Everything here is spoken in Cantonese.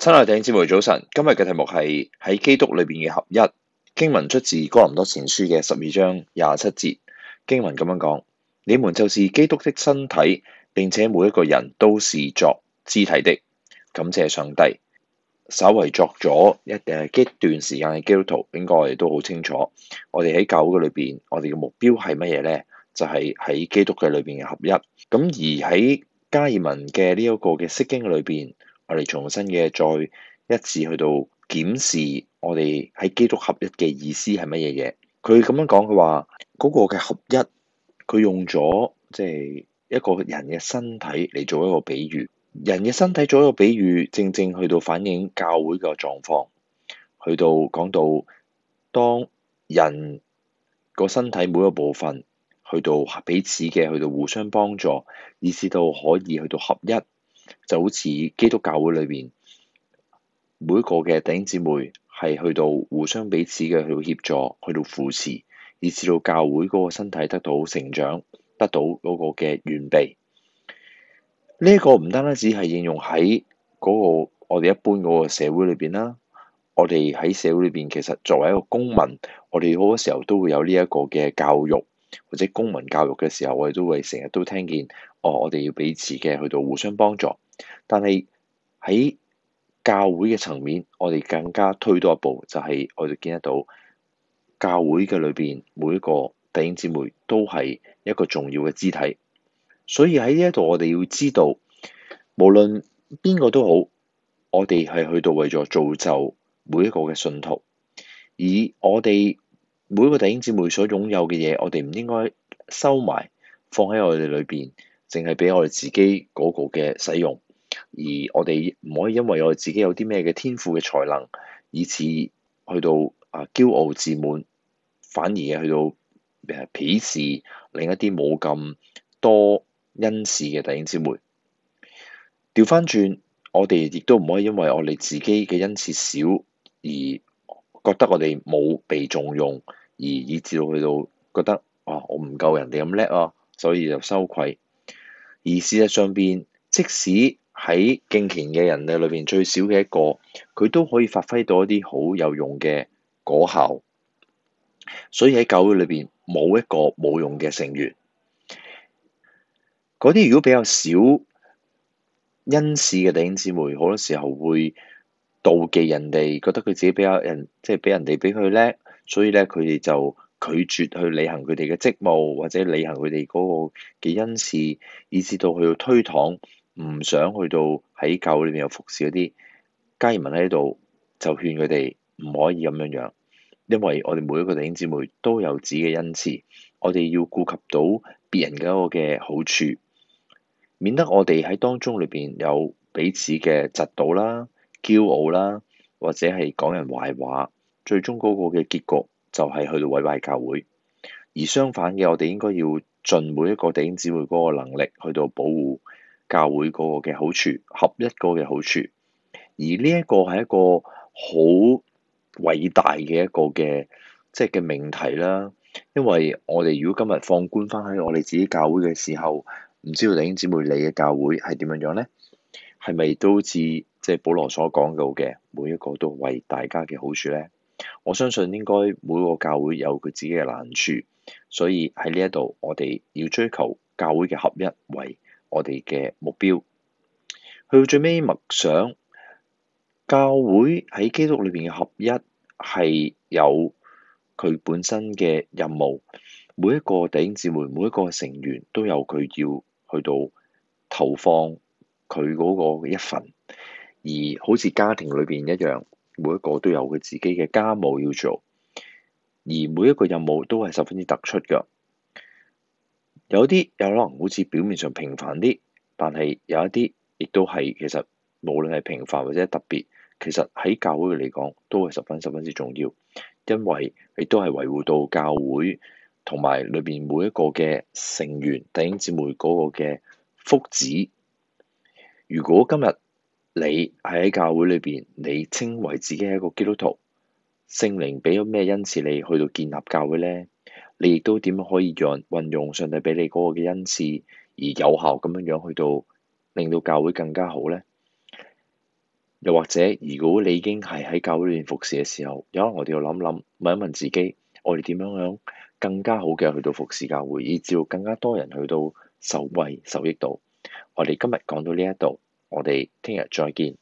親愛聽節目早晨，今日嘅題目係喺基督裏邊嘅合一。經文出自哥林多前書嘅十二章廿七節。經文咁樣講：你們就是基督的身體，並且每一個人都是作肢體的。感謝上帝。稍為作咗一誒，一段時間嘅基督徒，應該我哋都好清楚。我哋喺教會裏邊，我哋嘅目標係乜嘢呢？就係喺基督嘅裏邊嘅合一。咁而喺加爾文嘅呢一個嘅釋經裏邊。我哋重新嘅再一次去到檢視我哋喺基督合一嘅意思係乜嘢嘢？佢咁樣講嘅話，嗰個嘅合一，佢用咗即係一個人嘅身體嚟做一個比喻，人嘅身體做一個比喻，正正去到反映教會嘅狀況，去到講到當人個身體每一個部分去到彼此嘅去到互相幫助，以致到可以去到合一。就好似基督教會裏邊每一個嘅弟兄姊妹，係去到互相彼此嘅去到協助，去到扶持，以至到教會嗰個身體得到成長，得到嗰個嘅完備。呢一個唔單單只係應用喺嗰個我哋一般嗰個社會裏邊啦，我哋喺社會裏邊，其實作為一個公民，我哋好多時候都會有呢一個嘅教育。或者公民教育嘅時候，我哋都會成日都聽見，哦，我哋要彼此嘅去到互相幫助。但係喺教會嘅層面，我哋更加推多一步，就係我哋見得到教會嘅裏邊每一個弟兄姊妹都係一個重要嘅肢體。所以喺呢一度，我哋要知道，無論邊個都好，我哋係去到為咗造就每一個嘅信徒，而我哋。每一個弟兄姊妹所擁有嘅嘢，我哋唔應該收埋，放喺我哋裏邊，淨係俾我哋自己嗰個嘅使用。而我哋唔可以因為我哋自己有啲咩嘅天賦嘅才能，以至去到啊驕傲自滿，反而去到鄙視另一啲冇咁多恩賜嘅弟兄姊妹。調翻轉，我哋亦都唔可以因為我哋自己嘅恩賜少，而覺得我哋冇被重用。而以至到去到覺得，哦，我唔夠人哋咁叻啊，所以就羞愧。而事實上邊，即使喺敬虔嘅人哋裏邊，最少嘅一個，佢都可以發揮到一啲好有用嘅果效。所以喺教會裏邊冇一個冇用嘅成員。嗰啲如果比較少恩賜嘅弟兄姊妹，好多時候會妒忌人哋，覺得佢自己比較人，即係比人哋比佢叻。所以咧，佢哋就拒絕去履行佢哋嘅職務，或者履行佢哋嗰個嘅恩賜，以至到去到推搪，唔想去到喺教裏面有服侍嗰啲雞民喺度，就勸佢哋唔可以咁樣樣，因為我哋每一個弟兄姊妹都有自己嘅恩賜，我哋要顧及到別人嘅一個嘅好處，免得我哋喺當中裏邊有彼此嘅嫉妒啦、驕傲啦，或者係講人壞話。最終嗰個嘅結局就係去到毀壞教會，而相反嘅，我哋應該要盡每一個弟兄姊妹嗰個能力，去到保護教會嗰個嘅好處，合一嗰嘅好處。而呢一個係一個好偉大嘅一個嘅即係嘅命題啦。因為我哋如果今日放觀翻喺我哋自己教會嘅時候，唔知道弟兄姊妹你嘅教會係點樣樣呢？係咪都似即係保羅所講到嘅每一個都為大家嘅好處呢？我相信應該每個教會有佢自己嘅難處，所以喺呢一度我哋要追求教會嘅合一為我哋嘅目標。去到最尾默想教會喺基督裏邊嘅合一係有佢本身嘅任務，每一個弟兄姊妹、每一個成員都有佢要去到投放佢嗰個嘅一份，而好似家庭裏邊一樣。每一個都有佢自己嘅家務要做，而每一個任務都係十分之突出㗎。有啲有可能好似表面上平凡啲，但係有一啲亦都係其實無論係平凡或者特別，其實喺教會嚟講都係十分十分之重要，因為亦都係維護到教會同埋裏面每一個嘅成員、弟兄姊妹嗰個嘅福祉。如果今日，你喺喺教會裏邊，你稱為自己係一個基督徒，聖靈俾咗咩恩賜你去到建立教會呢？你亦都點可以讓運用上帝俾你嗰個嘅恩賜而有效咁樣樣去到令到教會更加好呢？又或者，如果你已經係喺教會裏面服侍嘅時候，有可能我哋要諗諗，問一問自己，我哋點樣樣更加好嘅去到服侍教會，以至更加多人去到受惠受益到？我哋今日講到呢一度。我哋聽日再見。